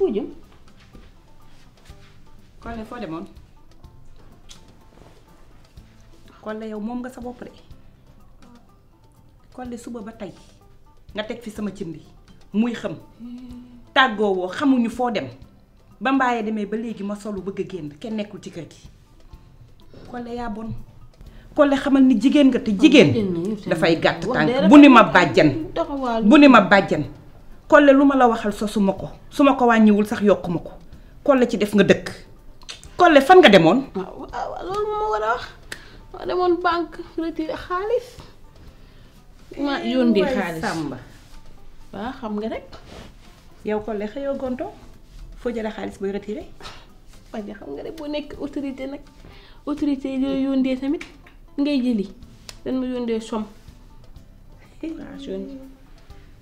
foo jëm. Collé foo demoon. Collé yow moom nga sa bopp de. Collé suba ba tey nga teg fi sama bi muy xam tàggoo xamuñu foo dem ba mbaayee demee ba léegi ma solu bëgg a génn kenn nekkul ci kër gi. Collé yaa bon. Collé xamal ni jigéen nga te jigéen. dafay gàtt tànk bu ni ma bàjjan bu ni ma bàjjan. Collé lu ma la waxal sosuma ko su ma ko wàññiwul sax yokkuma ko Collé ci def nga dëkk Collé fan nga demoon. waaw waaw loolu moom moo war a wax ma demoon banque retiré xaalis. ma yónnee xaalis xam nga rek. yow Collé xëyoo gonto foo jëlee xaalis booy retiré. waaw xam nga rek boo nekk autorité nag autorité yi lay de tamit ngay jëli dañ ma yoon yónnee somme.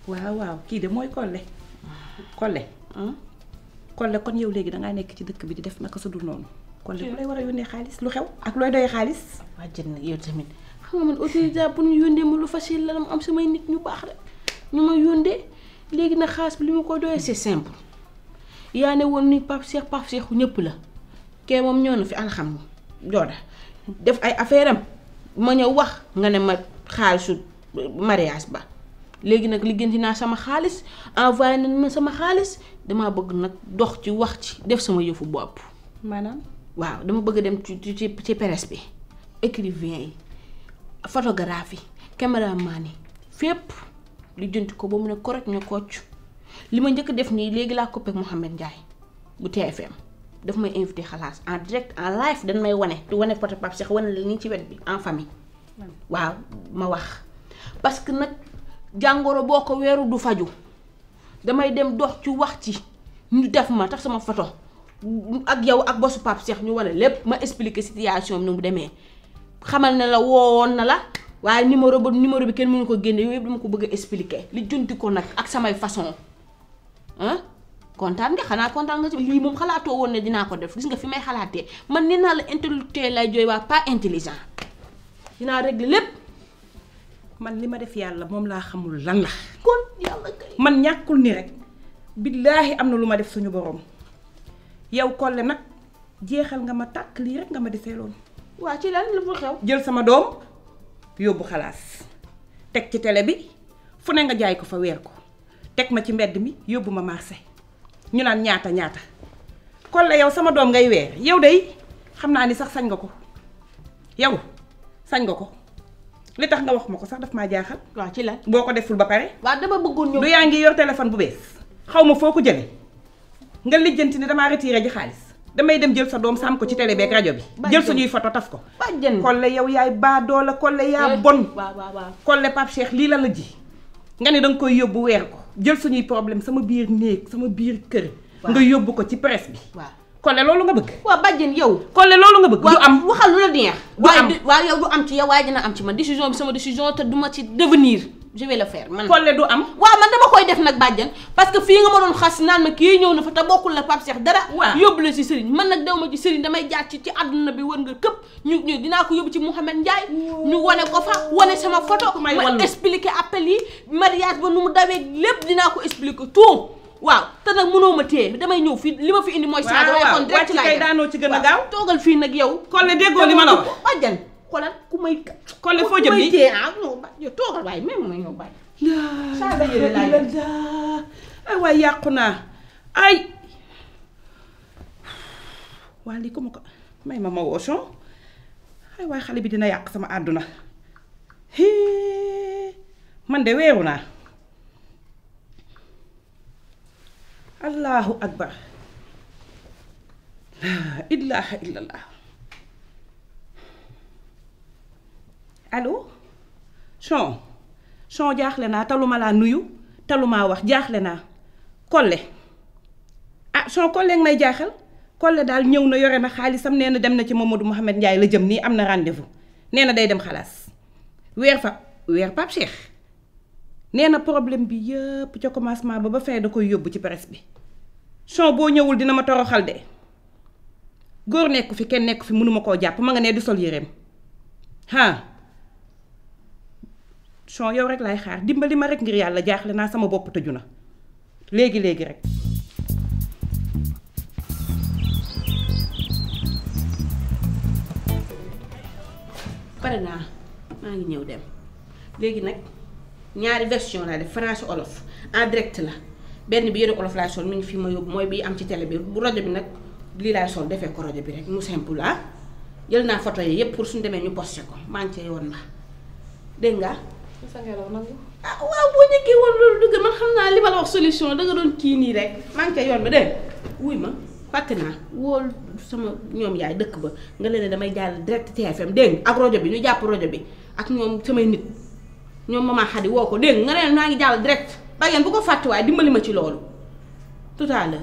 waaw waaw kii de mooy Collé Collé Collé kon yow léegi dangaa nekk ci dëkk bi di def naka su noonu Collé bu a yónnee xaalis lu xew ak looy doyee xaalis waa jën nag yow tamit xam nga man autorisation bu ñu yóndee ma lu facile la am samay nit ñu baax rek ñu ma yóndee léegi nag xaalis bi li ma ko doyee c'est simple yaa ne woon ni Pape Cheikh Pape seexu ñëpp la kee moom ñoo na fi alxam jooda def ay affaire am ma ñëw wax nga ne ma xaalisu mariage ba léegi nag liggéenti naa sama xaalis envoyé nañ ma sama xaalis damaa bëgg nag dox ci wax ci def sama yëfu bopp. maanaam. waaw dama bëgg dem ci ci ci presse bi écrivain yi photographe yi caméraman yi fépp li jënt ko ba mu ne koroj na kocc li ma njëkk def nii léegi laa koppeek Mouhamed Ndiaye bu TFM daf may invité xalaas en direct en live dañ may wone di wane photo Pape Cheikh la nii ci wet bi en famille waaw ma wax parce nag jàngoro boo ko weeru du faju damay dem dox ci wax ci ñu def ma tax sama photo ak yow ak bosu pap Cheikh ñu wane lépp ma expliquer situation bi mu demee xamal ne la woon na la waaye numéro ba numéro bi kenn mu ngi ko génne yooyu du ma ko bëgg a li junti ko nag ak samay façon ah kontaan nga xanaa kontaan nga ci lii moom xalaatoo woon ne dinaa ko def gis nga fi may xalaatee man nee naa la intellectuel lay jooy waa pas intelligent dinaa régler lépp man li ma def yàlla moom laa xamul lan la. kon yàlla kay man ñàkkul ni rek. billaahi am na lu ma def suñu borom yow Kole nag jeexal nga ma tàkk lii rek nga ma desee loon waa ci lan lu fa xew. jël sama doom yóbbu xalaas teg ci télé bi fu ne nga jaay ko fa weer ko teg ma ci mbedd mi yóbbu ma marché ñu naan ñaata ñaata Kole yow sama doom ngay weer yow day xam naa ni sax sañ nga ko yow sañ nga ko. li tax nga wax ma ko sax daf maa jaaxal. waaw ci lan boo ko deful ba pare. waaw dama bëggoon ñëw. du yaa ngi yor téléphone bu bees. xaw ma foo ko jëlee nga lijjanti ne damaa retiré ji xaalis damay dem jël sa doom sàmm ko ci télé beeg rajo bi. jël suñuy photo taf ko. bàjjen kolle yow yaay baadoo la kolle yaa bon. kole waaw waaw lii la la ji. nga ne danga koy yóbbu weer ko jël suñuy problème sama biir néeg sama biir kër. nga yóbbu ko ci presse bi. waaw Kole loolu nga bëgg. waaw bàjjen yow. Kole loolu nga bëgg. du am waxal lu neex. du am waaye yow du am ci yow waaye dina am ci man décision bi sama décision te duma ci devenir. je vais le faire man am. waaw man dama koy def nag bàjjan parce que fii nga ma doon kii ñëw na fa te bokkul la Pape Cheikh dara. waaw yóbbu la ci Serigne man nag dew ma ci Serigne damay jaar ci ci àdduna bi wër nga këpp ñu ñu dinaa ko yóbbu ci Mouhamed Ndiaye. ñu wane ko fa wane sama photo. may ma expliquer appel yi mariage ba nu mu dawee lépp dinaa ko expliquer tout. waaw te nag mënoo ma téye damay ñëw fii li ma fi indi mooy saaga waaye kon direct laay def daanoo ci gën a gaaw toogal fii nag yow Collé déggoo li man a wax bàjjan xoolal ku may Collé foo jëm nii téye ah non yow toogal waaye même ma ñëw ay waay yàqu naa ay waa lii ko ma xale bi dina yàq sama àdduna man de weewu naa allahu akbar laa ilaaha illallah allo son son jaaxle naa taluma laa nuyu taluma wax jaaxle naa Collé a ah, son Collé may jaaxal Collé daal ñëw na yore na xaalisam nee na dem na ci Mamadou Mouhamed njaay la jëm nii am na rendez-vous nee na day dem xalaas weer fa weer Pape Cheikh nee na problème bi yëpp ca commencement ba ba fin da koy yóbbu ci presse bi son boo ñëwul dina ma xal de góor nekk fi kenn nekk fi mënuma koo jàpp ma nga ne di sol yéreem ah son yow rek laay xaar dimbali ma rek ngir yàlla jaaxle naa sama bopp tëju na léegi léegi rek. pare maa ngi ñëw dem léegi nag. ñaari version laa def français olof en direct la benn bi yëre olof laay sol mi ngi fi ma yóbbu mooy bii am ci télé bi bu rajo bi nag lii laay sol defee ko rajo bi rek mu simple ah. jël naa photo yi yépp pour suñu demee ñu posté ko maa ngi cee woon ma dégg nga ah waaw boo nekkee woon loolu man xam naa li ma la wax solution danga doon kii nii rek maa ngi cee yoon ba de wuy ma fàtte naa wool sama ñoom yaay dëkk ba nga leen ne damay jàll direct TFM dégg ak rajo bi ñu jàpp rajo bi ak ñoom samay nit ñoom maman Khady woo ko dégg nga ne maa ngi jàll direct bàyyeen bu ko fàtte waaye dimbali ma ci loolu tout à l'heure.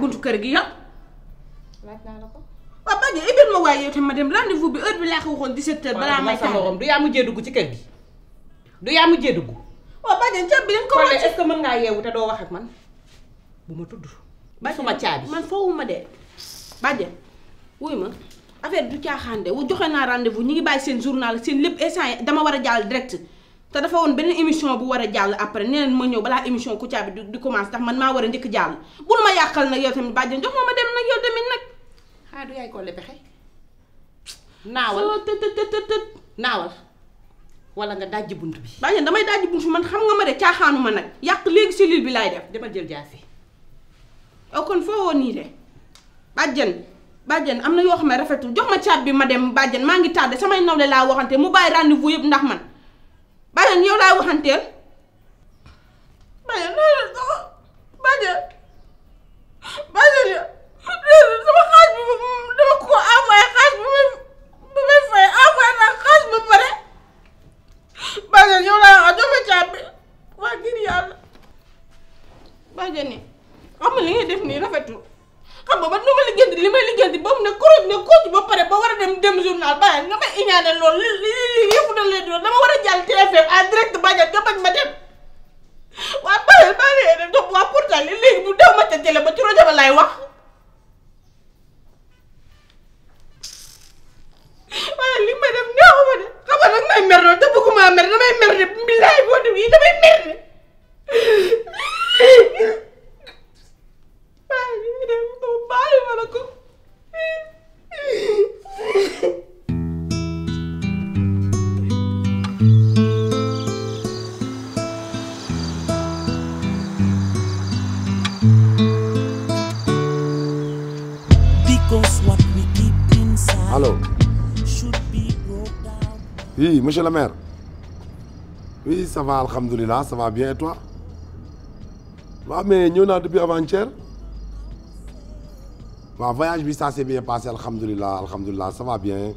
buntu kër gi yow. laaj naa la ko. waaw waay yow tamit ma dem rendez-vous bi heure bi laa ko waxoon 17h. balaa may taal waaw du yaa mujjee dugg ci kër gi oh, bi dañ ko wàcc. est-ce que mën ngaa yeewu te doo wax ak man bu ma tudd. ba suma caabi man foofu ma de bàjjen wuy ma affaire du caaxaan de wu joxe naa rendez-vous ñu ngi bàyyi seen journal seen lépp instant dama war a jàll direct. te dafa woon beneen émission bu war a jàll après nee ma ñëw balaa émission ku caabi di commencé ndax man maa war a njëkk jàll bul ma yàqal nag yow tamit bàjjen jox ma pexe naawal soo të nga dajji bunt bi. baa damay dajji bunt bi man xam nga ma de caaxaanu ma nag yàq léegi cellule bi laay def dama jël jaasi. oo oh, kon foo nii de bàjjen bàjjen am na yoo xam ne rafetul jox ma caab bi ma dem bàjjen maa ngi tardé samay nawle laa waxante mu bàyyi rendez-vous yëpp ndax man bàjjen yow laay waxanteel bàjjen bàjjen bàjjen sama xaaj bi dama ko envoyé xaaj bi ba pare bàjjen yow laa wax jox ma caabi waa ngir yàlla bàjjen ni xam nga li ngay def nii rafetul xam nga ba nu ma liggéenti li may liggéenti ba mu ne kuréel ne kóob ba pare ba war a dem dem journal bàyyi nga may iñaane lool li li li yëpp da leen doon dama war a jàll TFM en direct bàjjen nga bañ ma dem waa bàyyi bàyyi leen def waa pourtant léegi bu daw ma ca télé ba ci rajo ba laay wax. monsieur le maire oui ça va alhamdulilah bien toi waaw mais ñëw naa depuis avant-hier voyage bi ça s'est bien passé alhamdulilah alhamdulilah ça va bien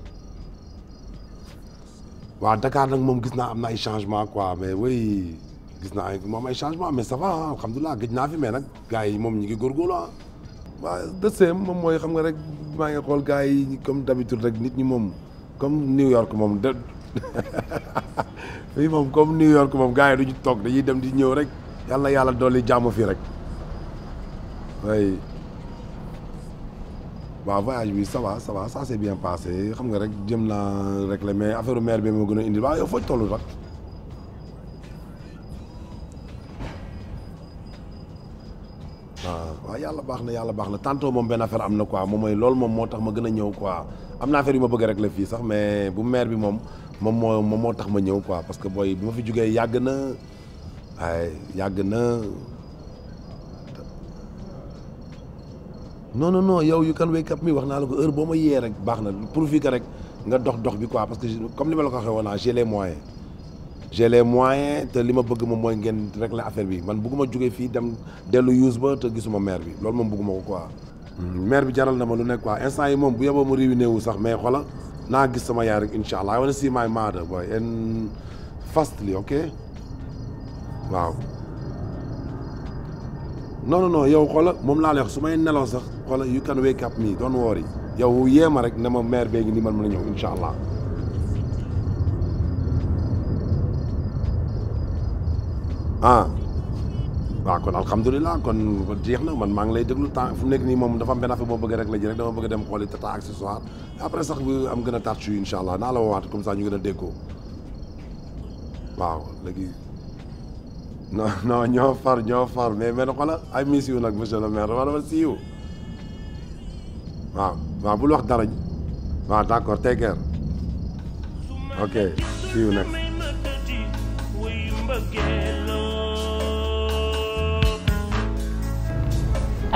waaw Dakar nag moom gis naa am na ay changement quoi mais gis naa ay moom ay changement mais ça va alhamdulilah naa fi mais nag gars yi moom ñu ngi góorgóorlu ah. waaw moom mooy xam nga rek maa ngi xool gars yi comme d'habitude rek nit ñi moom comme New York moom fii moom comme New York moom gars yi duñu toog dañuy dem di ñëw rek yàlla yàlla dolli jàmm fii rek waaye waaw voyage bi sawa va ça va ça bien passé xam nga rek jëm naa rek la mais affaire mère bi moo gën a indi waaw yow foog tollu sax ah, yàlla baax na yàlla baax na tantôt moom benn affaire am na quoi moom mooy loolu moom moo tax ma gën a ñëw quoi am naa affaire yu ma bëgg rek la fii sax mais bu mère bi moom. moom moo moom moo tax ma ñëw quoi parce que booy bi ma fi jógee yàgg na waaye yàgg na non non non yaw you can wake up mi wax naa la ko heure boo ma yee rek baax na pour profite rek nga dox dox bi quoi parce que comme li ma la ko waxee woon naa ah, j'ai les moyens j'ai les te li ma bëgg moom mooy ngeen la affaire bi man bëgguma jógee fii dem dellu use ba te gisuma maire bi loolu moom bëgguma ko quoi hmm, maire bi jaral na ma lu nekk quoi instant yi moom bu yeboo mu réunir wu sax mais xola naa gis sama yaay rek incha allah I want to see my mother boy fastly ok waaw non non non yow xoola moom laa lay wax su may nelaw sax xoola you can wake up me don't worry yow yéema rek na ma mère bee ngi ni man mën a ñëw incha allah ah. waaw kon alhamdulilah kon jeex na man maa ngi lay déglu temps fu nekk nii moom dafa am benn affaire boo bëgg rek la ji rek dem xooli tata accessoire après sax am gën a tàccu incha allah naa la woowaat comme a ñu gën a déggoo waaw léegi non ñoo far ñoo far mais mais xoolal ay miss yu nag monsieur le maire wala ma siiw waaw waaw bul wax dara waaw d'accord take care ok siiw nag.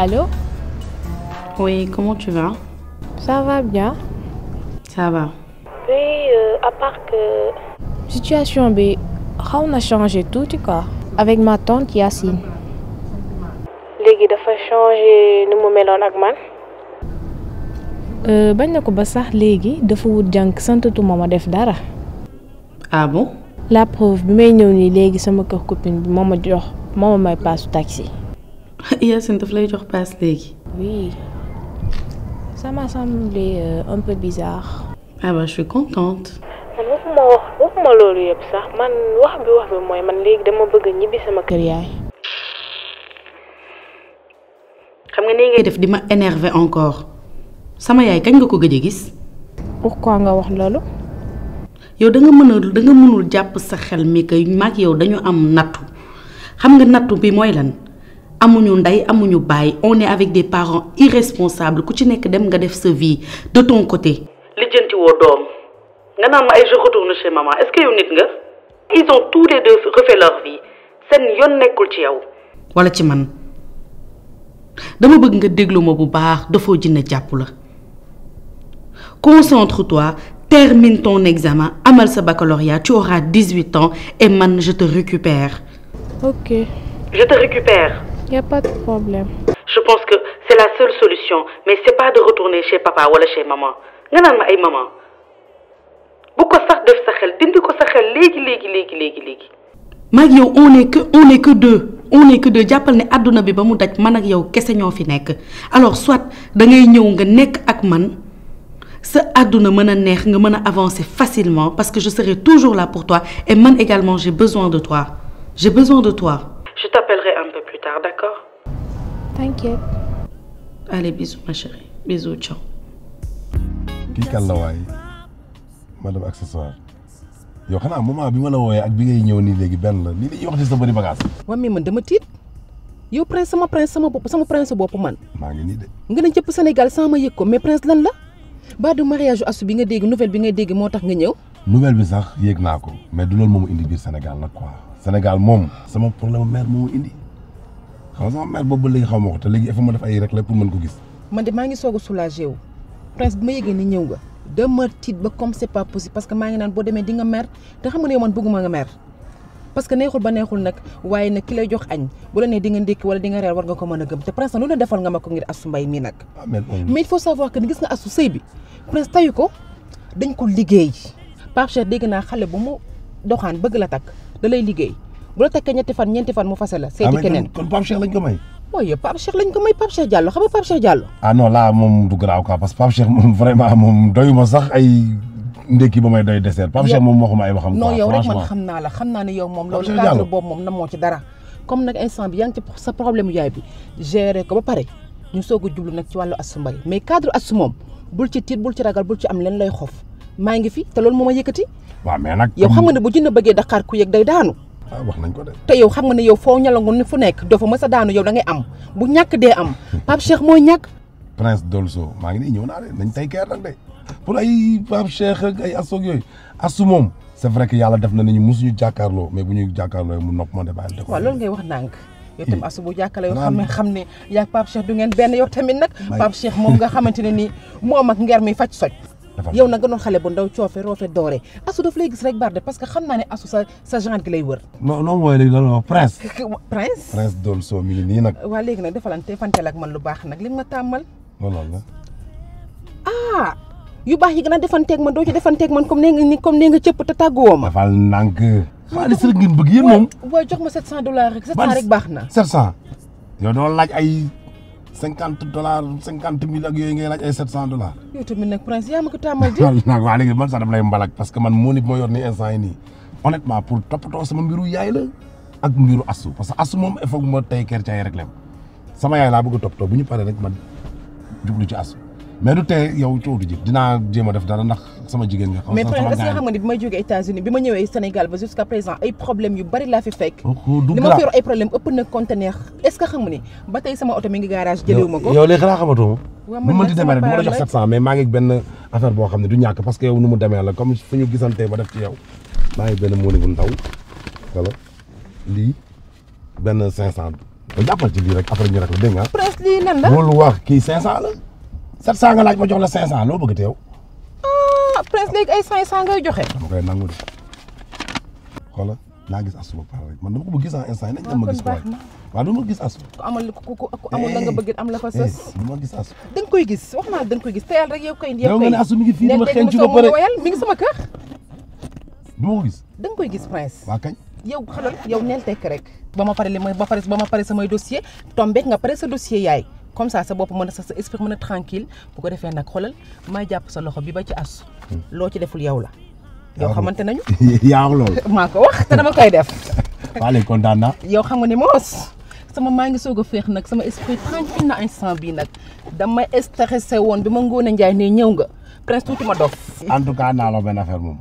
Allô Oui, comment tu vas Ça va bien. Ça va. Oui, euh, que... Situation bi xaw na changé tuuti quoi. avec ma tante Yacine. léegi dafa changé nu mu meloon ak man. Euh, bañ na ko ba sax léegi dafa wut jànk santatuma ma def dara. ah bon. la preuve bi may ñëw nii léegi sama kër copine bi moo ma jox moo may paasu taxi. Yacine daf lay jox paas léegi. oui ça m'a semblé euh, un peu bizarre. ah bah contente. man waxuma wax waxuma loolu yëpp sax man wax bi wax bi mooy man léegi dama bëgg ñibbi sama kër yaay. xam nga nii ngay def di ma énerver encore sama yaay kañ nga ko gëj a gis. pourquoi nga wax loolu. yow da nga mën da mënul jàpp sa xel mi que maag yow dañu am nattu xam nga nattu bi mooy lan. amuñu ndey amuñu baay on est avec des parents irresponsables ku ci nekk dem nga def sa vie de ton côté. lijjanti woo doom nga naan ma ay je retourne chez maman est-ce que yow nit nga. tous les deux refait leur vie seen yoon nekkul ci yow. walla ci man dama bëgg nga déglu ma bu baax dafoo jinne jàpp la concentre-toi termine ton examen amal sa baccalauréat tu auras dix-huit ans et man je te récupère. ok. je te récupère. Il pas de problème. Je pense que c'est la seule solution, mais c'est pas de retourner chez papa wala chez maman. nga naan ma ay maman bu ko sax def sa xel dindi ko sa xel léegi léegi léegi léegi léegi. yow on que on est que deux on que deux jàppal ne àdduna bi ba mu daj man ak yow kese ñoo fi nekk alors soit da ngay ñëw nga nekk ak man sa àdduna mën a neex nga mën a avancer facilement parce que je serai toujours la pour toi et man également j'ai besoin de toi j'ai besoin Je t'appellerai un peu plus tard, d'accord T'inquiète. Allez, bisous, ma chérie. Bisous, ciao. kii kan la waay madame accessoire yow xanaa moment bi ma la wooyee ak bi ngay ñëw nii léegi benn la lii la ñuy wax ci sa bëri bagage. waaw mais man dama tiit yow prince sama prince sama bopp sama prince bopp man. maa ngi nii de. nga ne jëpp Sénégal sama yëg ko mais prince lan la ba du mariage asu bi nga dégg nouvelle bi nga dégg moo tax nga ñëw. nouvelle bi sax yéeg naa ko mais du loolu moomu indi biir Sénégal quoi. Sénégal moom sama problème mère moo indi xaw sama mère boobu ba léegi xaw ma ko te léegi il faut ko maa ngi soog a soulagé ñëw nga dama tiit ba comme parce que maa ngi naan boo demee di nga mer te xam nga ne man bëgguma nga mer parce waaye nag ki lay jox añ bu nee di nga ndékki wala di nga reer war nga ko mën a gëm te prince nag loolu defal nga ma ko ngir asu mbay mii nag. Ah, mais il faut savoir que ni gis nga asu sëy bi prince tayu ko dañ ko liggéey Pape Cheikh dégg naa xale bu mu doxaan bëgg la takk da lay liggéey bu la takkee ñetti fan ñeenti fan mu fase la seeti ah, keneen kon Pape Cheikh lañ ko may waaye Pape Cheikh lañ ko may Pape Cheikh Diallo ah moom du garaaw quoi parce que Pape Cheikh moom vraiment moom doyuma sax ay ndekki ba may doy moo xam moom moo ci dara comme nag instant bi yaa ngi ci sa ko ba pare ñu soog a jublu nag ci wàllu asu mbay mais cadre asu moom bul ci tiit bul ci ragal bul ci am leen lay xof maa ngi fi te lool moom ma yëkkati. waaw mais nag yow xam nga ne bu jënd bëggee Dakar ku yëg day daanu. ah wax nañ ko de. te yow xam nga ne yow foo ñalangoon ne fu nekk doo a daanu yow da am bu ñàkk dee am Pape Cheikh mooy ñàkk. Prince Dolso maa ngi nii ñëw naa de nañ tey keer nag de pour ay Pape Cheikh ak yooyu asu moom. c' est def na ni ñu mosuñu jàkkaarloo mais bu ñuy jàkkaarloo mu nopp ma de bàyyi. ngay wax ndànk. yow bu jàkkaarloo xam ne xam ne yaa du ngeen benn yow tamit nag. Pape Cheikh moom nga xamante ne nii moom ak nger mi faj soj yow nag nga doon xale bu ndaw coofe roofe doore asu daf lay gis rek barde parce que xam naa ne asu sa sa genre wër non non mooy léegi loolu prince prince prince baax nag li ma tàmmal loolu la ah yu baax yi gën a defanteeg man doo ci defanteeg man comme nee nga ni comme nee nga cëpp te tàgguwoo ma dafal nànk xaalis rek ngeen bëgg yéen moom waaw jox ma 700 dollars rek 700 rek baax na 700 yow doo laaj ay cinquante dollars cinquante mille ak yooyu ngay laaj ay sept cent dollars. yow tamit nag prince yaa ma ko tàmmal di. nag waa léegi mbalak parce que man moo nit moo yor ni instant yi nii honnêtement pour sama mbiru yaay ak mbiru asu parce que asu moom il faut que tey kër ci ay réglem sama yaay laa bëgg a toppatoo bu ñu paree rek man jublu ci asu. mais du tey yow coow ji dinaa jéem a def dara ndax sama jigéen nga. xam nga sama gars yi mais xam nga ni bi ma jógee États-Unis bi ma ñëwee Sénégal ba jusqu'à présent ay problème yu bari laa fi fekk. li oh, oh, ma fi ay problème ëpp na conteneur est-ce oto mi ngi garage jëlewu ma ko. yow léegi mais maa ngi benn affaire boo xam ne du ñàkk parce que yow nu mu demee la comme fu ñu gisantee ba def ci yow. maa ngi benn mooni bu ndaw lii benn 500 ba jàppal ci lii rek après ñu rek la dégg nga. presque lii lan la 700 nga laaj ma jox la 500 loo bëgg te yow. ah Prince léegi ay 500 ngay joxe. dama koy nangu de xoola naa gis asuma pare rek man dama ko bëgg gis instant yi nañ dem ko ah, waay bëgg am la fa sës. Eh, dama gis da koy gis wax naa da nga koy gis te yàlla rek yow koy. yow nga ne asuma mi ngi fii dama xeeñ ci ba pare mi ngi sama kër. du ma ko gis. da koy gis Prince. waa kañ. yow xalal yow neel tekk rek. ba ma pare li ma ba pare ba ma pare samay dossier tombeek nga pare sa dossier yaay comme ça sa bopp mën a sa esprit mën a tranquille bu ko defee nag xoolal may jàpp sa loxo bi ba ci as hmm. loo ci deful yow la yoo xamante nañu yaa wax loolu maa ko wax te dama koy def waa léegi kontaan naa yow xam nga ni moos sama maa ngi soog féex nag sama esprit tranquille na instant bii nag dama stressé woon bi ma Ngoné njaay ne ñëw nga prince tuuti ma dof en tout cas naa la benn affaire moom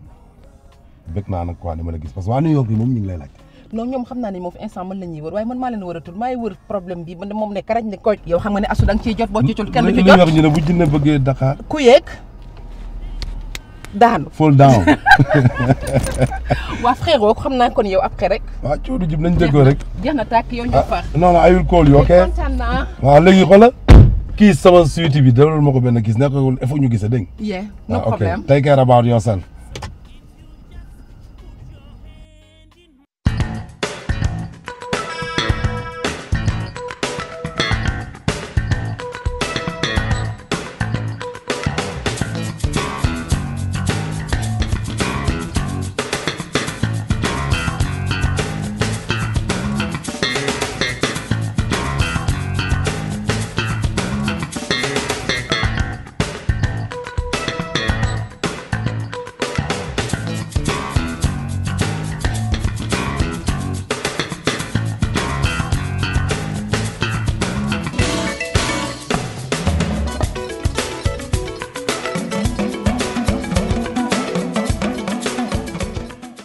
bëgg naa nag quoi ni ma la gis parce que waa New York yi moom ñu ngi lay laaj non ñoom xam naa ni moom fi instant mën nañuy wër waaye man maa leen wëratul maay wër problème bi man moom ne karaj ne koy yow xam nga ne asu da nga jot boo jot ci jot ñu ne xam naa kon yow après rek waaw coodu jib nañ déggoo rek jeex na tàkk yow ñu ah, far non non ayul kool yoo léegi xoola kii sama suite bi dalal ma ko benn gis nekkul il faut ñu gise dégg yeah no ah, problème take